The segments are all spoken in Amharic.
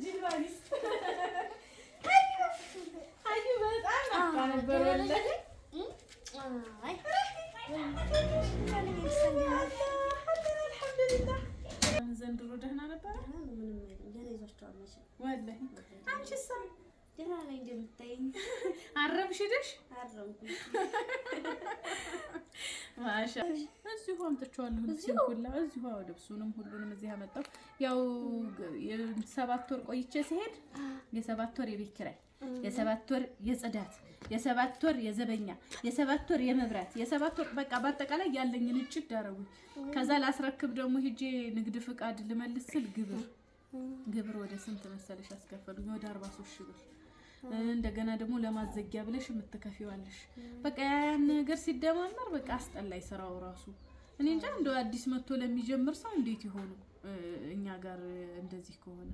ዘንድሮ ደህና ነበረ። ላይ እንደምታይኝ አረብሽ ሄደሽ ማሻ እዚሁ አምጥቼዋለሁ። እዚሁ ሁላ እዚሁ ልብሱንም ሁሉንም እዚህ አመጣሁ። ያው ሰባት ወር ቆይቼ ሲሄድ የሰባት ወር የቤት ኪራይ፣ የሰባት ወር የጽዳት፣ የሰባት ወር የዘበኛ፣ የሰባት ወር የመብራት፣ የሰባት ወር በቃ በአጠቃላይ ያለኝን እጭድ ዳረጉኝ። ከዛ ላስረክብ ደግሞ ሂጄ ንግድ ፍቃድ ልመልስ ስል ግብር ግብር ወደ ስንት መሰለሽ አስከፈሉኝ? ወደ አርባ ሦስት ሺህ ብር እንደገና ደግሞ ለማዘጊያ ብለሽ የምትከፊዋለሽ። በቃ ያን ነገር ሲደማመር በቃ አስጠላይ ስራው ራሱ። እኔ እንጃ እንደ አዲስ መጥቶ ለሚጀምር ሰው እንዴት ይሆኑ እኛ ጋር እንደዚህ ከሆነ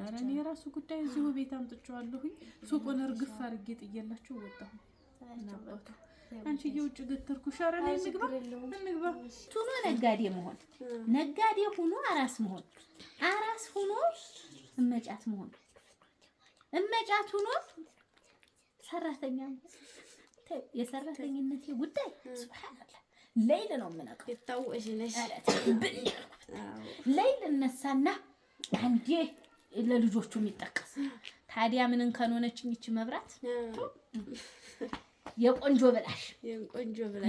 ኧረ እኔ የራሱ ጉዳይ እዚሁ ቤት አምጥቼዋለሁኝ። ሱቁን እርግፍ አድርጌ ጥዬላቸው ወጣሁ። አንቺ የውጭ ገተርኩሽ። ኧረ እኔ እንግባ እንግባ ቱኖ ነጋዴ መሆን ነጋዴ ሆኖ አራስ መሆን አራስ ሆኖ መጫት መሆን እመጫት ሆኖ ሰራተኛ የሰራተኝነት ጉዳይ ሱብሃንአላህ ለይል ነው የምነቀው። የታወቅሽ ነሽ ለይል እነሳና አንዴ ለልጆቹ የሚጠቀስ ታዲያ ምን እንከን ሆነችኝ ይቺ መብራት የቆንጆ ብላሽ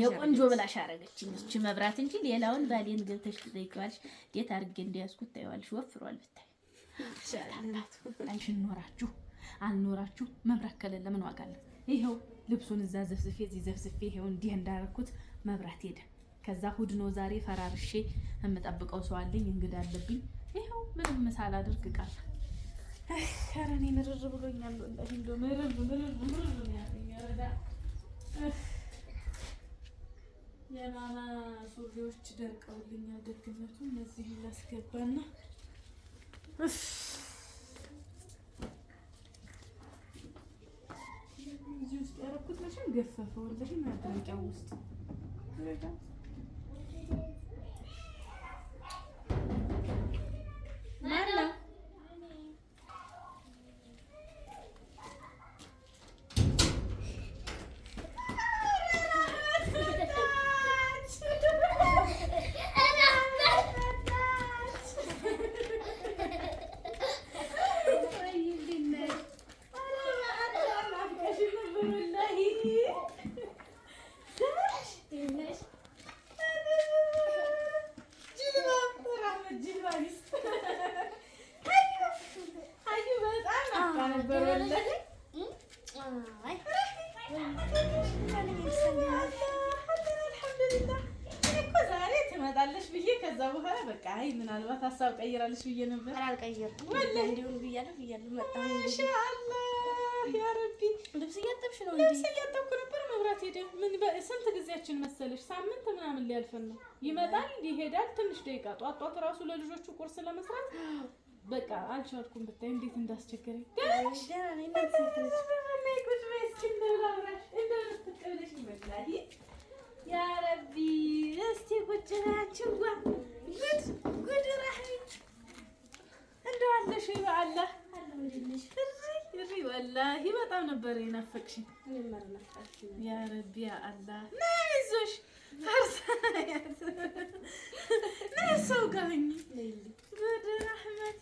የቆንጆ ብላሽ አረገችኝ ይቺ መብራት እንጂ ሌላውን ባሌን ገብተሽ ትጠይቂዋለሽ። እንዴት አድርጌ እንደያዝኩት ታይዋለሽ። ወፍሯል ብታይ አንቺ እኖራችሁ አልኖራችሁ መብራት ከሌለ ምን ዋጋ አለ? ይኸው ልብሱን እዛ ዘፍዝፌ እዚህ ዘፍዝፌ ይኸው እንዲህ እንዳረኩት መብራት ሄደ። ከዛ እሑድ ነው ዛሬ ፈራርሼ የምጠብቀው ሰው አለኝ፣ እንግዳ አለብኝ። ይኸው ምንም ምሳል አድርግ ቃል ኧረ እኔ ምርር ብሎኛል። እንደው ምርር ምርር ምርር ነው ያለኝ። ኧረ የማማ ሱሪዎች ደርቀውልኛል። ደግነቱ እነዚህን ላስገባና ገፈፈው እንደዚህ ማድረቂያ ውስጥ ሀሳብ ቀይራለች ብዬ ነበር። አልቀየርኩም። እንዲሁም ብያለሁ ብያለሁ መጣሁ። ያ ረቢ ልብስ እያጠብሽ ነው? ልብስ እያጠብኩ ነበር። መብራት ሄደ። ምን ስንት ጊዜያችን መሰለሽ? ሳምንት ምናምን ሊያልፈን ነው። ይመጣል ይሄዳል። ትንሽ ደቂቃ ጧት ጧት እራሱ ለልጆቹ ቁርስ ለመስራት በቃ አልቻልኩም። ብታይ እንዴት እንዳስቸገረኝ። ያረቢ እስቲ ቁጭ ናችሁ ወላሂ በጣም ነበር የናፈቅሽኝ። ያ ረቢ ያ አላህ ነይ አይዞሽ፣ ፈርሰ ነይ ሰው ጋር ሁኚ ጉድ ረህመት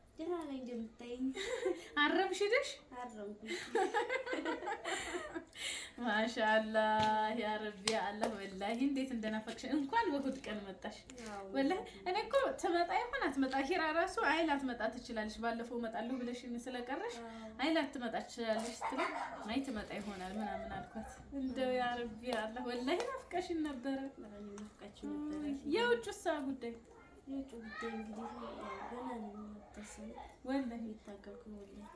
ደህና ነኝ። እንደምታይኝ አረምሽልሽ አረምኩሽ። ማሻአላህ ያ ረቢ አላህ ወላሂ እንዴት እንደናፈቅሽ። እንኳን በእሑድ ቀን መጣሽ። ወላሂ እኔ እኮ ትመጣ ይሆን አትመጣ ሂራ ራሱ አይ ላትመጣ ትችላለሽ፣ ባለፈው እመጣለሁ ብለሽ ስለቀረሽ አይ ላትመጣ ትችላለሽ ስትለኝ አይ ትመጣ ይሆናል ምናምን አልኳት። እንደው ያ ረቢ አላህ ወላሂ ናፍቀሽን ነበረ። የውጭ እሷ ጉዳይ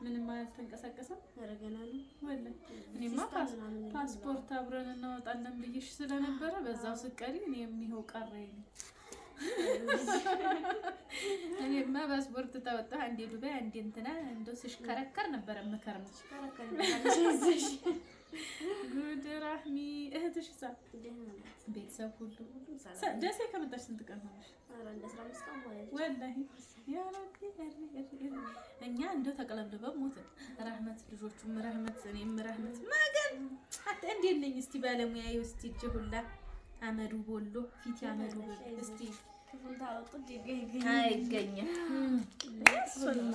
ምንም ማለት ተንቀሳቀሰም እኔማ ፓስፖርት አብረን እናወጣለን ብዬሽ ስለነበረ በዛው ስቀሪ እኔ የሚሆው ቀረኝ። እኔማ ፓስፖርት ታወጣ አንዴ ዱባይ አንዴ እንትና እንደው ስሽከረከር ነበረ መከርም ጉድ ራህሚ እህትሽ ቤተሰብ ሁሉ ደሴ ከመጣሽ ስንት ቀን እኛ እንደው ተቀለብልበን ሞትን። ራህመት ልጆቹም ራህመት እኔም ራህመት ማገን እንዴት ነኝ? እስቲ ባለሙያዬ እስቲ እጄ ሁላ አመዱ ቦሎ ፊት ያመዱ እስቲ አይገኝም። ሁሉም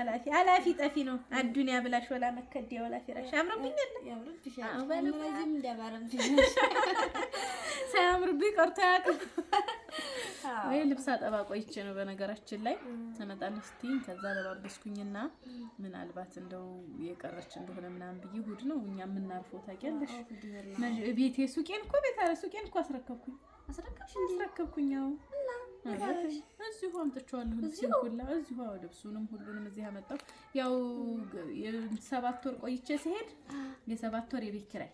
አላፊ አላፊ ጠፊ ነው። አዱንያ ብላሽ ወላ መከድ ወላ ፊራሽ አምሮብኛል። ሳያምርብኝ ቀርቶ አያውቅም። ወይ ልብስ አጠባ ቆይቼ ነው በነገራችን ላይ ተመጣለች ስትይኝ፣ ከዛ ለባበስኩኝና ምናልባት እንደው የቀረች እንደሆነ ምናምን ብዬ እሑድ ነው እኛ የምናርፈው ታውቂያለሽ። ቤቴ ሱቄን እኮ ቤት ሱቄን እኮ አስረከብኩኝ አስረከብሽ? አስረከብኩኛው እዚሁ አምጥቼዋለሁ። እዚሁ እዚሁ ልብሱንም ሁሉንም እዚህ ያው ሰባት ወር ቆይቼ ሲሄድ የሰባት ወር የቤት ኪራይ፣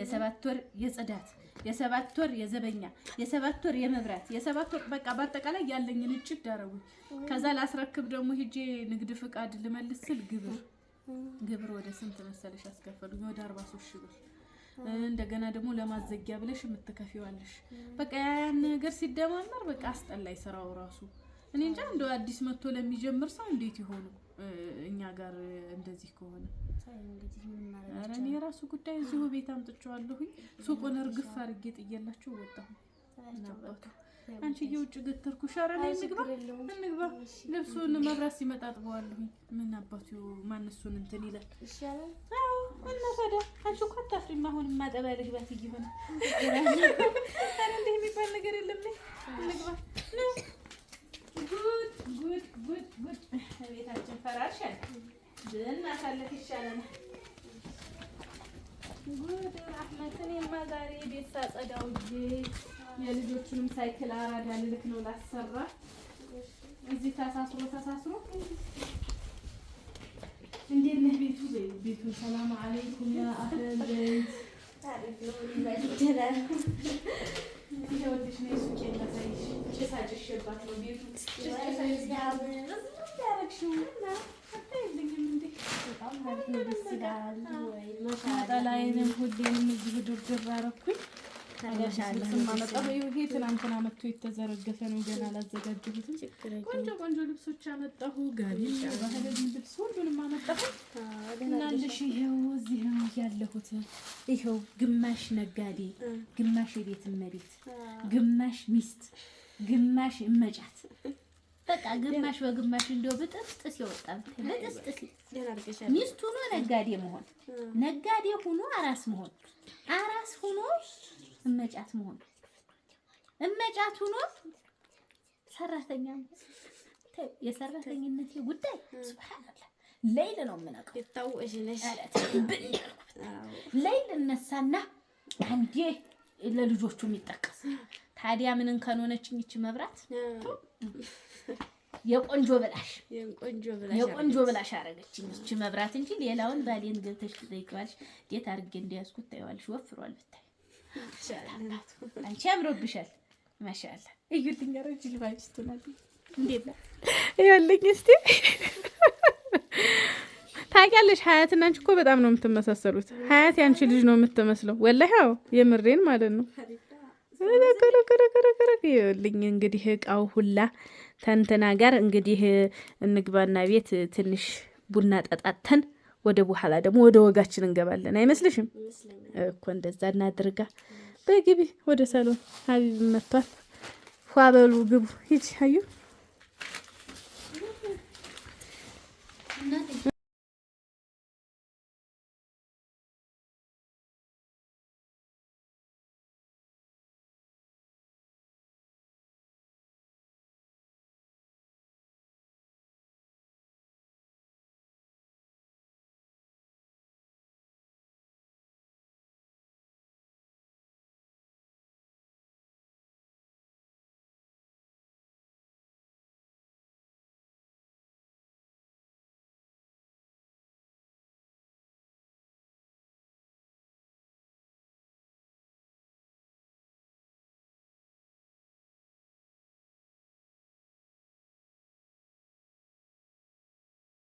የሰባት ወር የጽዳት፣ የሰባት ወር የዘበኛ፣ የሰባት ወር የመብራት፣ የሰባት ወር በቃ በአጠቃላይ ያለኝን እጭት ዳረጉኝ። ከዛ ላስረክብ ደግሞ ሂጄ ንግድ ፍቃድ ልመልስ ስል ግብር ግብር ወደ ስንት መሰለሽ አስከፈሉኝ? ወደ አርባ ሺህ ብር እንደገና ደግሞ ለማዘጊያ ብለሽ የምትከፊዋለሽ። በቃ ያን ነገር ሲደማመር በቃ አስጠላይ ስራው ራሱ። እኔ እንጃ እንደ አዲስ መጥቶ ለሚጀምር ሰው እንዴት ይሆኑ እኛ ጋር እንደዚህ ከሆነ ኧረ እኔ የራሱ ጉዳይ እዚሁ ቤት አምጥቼዋለሁኝ። ሱቁን እርግፍ አድርጌ ጥዬላቸው ወጣሁ። አንቺ የውጭ ገተርኩሽ። ኧረ ላይ እንግባ እንግባ። ልብሱን መብራት ሲመጣ አጥበዋለሁኝ። ምን አባቱ ማነሱን እንትን ይላል። እና ታዲያ አንቺ እኮ አታፍሪም። አሁን ማጠባ ልግባት እየሆነ ኧረ እንዲህ የሚባል ነገር የለም። ልግባ ነው። ጉድ ጉድ ጉድ ጉድ! ቤታችን ፈራርሻል። ብናሳለፍ ይሻለናል። ጉድ አህመድ፣ እኔማ ቤት ሳጸዳው እጄ የልጆቹንም ሳይክል አራዳ ልልክ ነው ላሰራ እዚህ ተሳስሮ ተሳስሮ እንዴት ነህ? ቤቱ ቤቱ ሰላም አለይኩም ያ አህለል ቤት ጠላይንም ሁሌንም እዚሁ ድርድር አደረኩኝ። ይሄ ትናንትና መጥቶ የተዘረገፈ ነው። ገና አላዘጋጀሁትም። ቆንጆ ቆንጆ ልብሶች አመጣሁ። ጋቢ ባህል ልብስ ሁሉ እናንሽ ይኸው እዚህ ነው ያለሁት። ይኸው ግማሽ ነጋዴ፣ ግማሽ የቤት እመቤት፣ ግማሽ ሚስት፣ ግማሽ እመጫት፣ በቃ ግማሽ በግማሽ ብጥስጥስ ይወጣል። ብጥስጥስ ሚስት ሆኖ ነጋዴ መሆን፣ ነጋዴ ሆኖ አራስ መሆን፣ አራስ ሆኖ እመጫት መሆን፣ እመጫት ሆኖ ሰራተኛ የሰራተኝነት ጉዳይ ሱብሃንአላህ ሌይል ነው የምነቃው። ሌይል እነሳና አንዴ ለልጆቹ የሚጠቀስ ታዲያ ምንን እንከን ይቺ መብራት የቆንጆ ብላሽ የቆንጆ ብላሽ አረገችኝ ይቺ መብራት እንጂ ሌላውን ባሌን ገብተሽ ትጠይቂዋለሽ። እንዴት አድርጌ እንዲያዝኩት ታይዋለሽ። ወፍሯል ብታይ አንቺ አምሮብሻል። ማሻአላ እዩልኝ። አረጅ ልባጅ ትሆናል። እንዴት ነው ይኸውልኝ እስቲ ታውቂያለሽ ሀያትና አንቺ እኮ በጣም ነው የምትመሳሰሉት። ሀያት ያንቺ ልጅ ነው የምትመስለው። ወላሂ ያው የምሬን ማለት ነው። ልኝ እንግዲህ እቃው ሁላ ተንትና ጋር እንግዲህ እንግባና ቤት ትንሽ ቡና ጠጣተን ወደ በኋላ ደግሞ ወደ ወጋችን እንገባለን። አይመስልሽም እኮ? እንደዛ እናድርጋ። በግቢ ወደ ሰሎን ሀቢብ መጥቷል። ፏ ግቡ። ሂጅ አዩ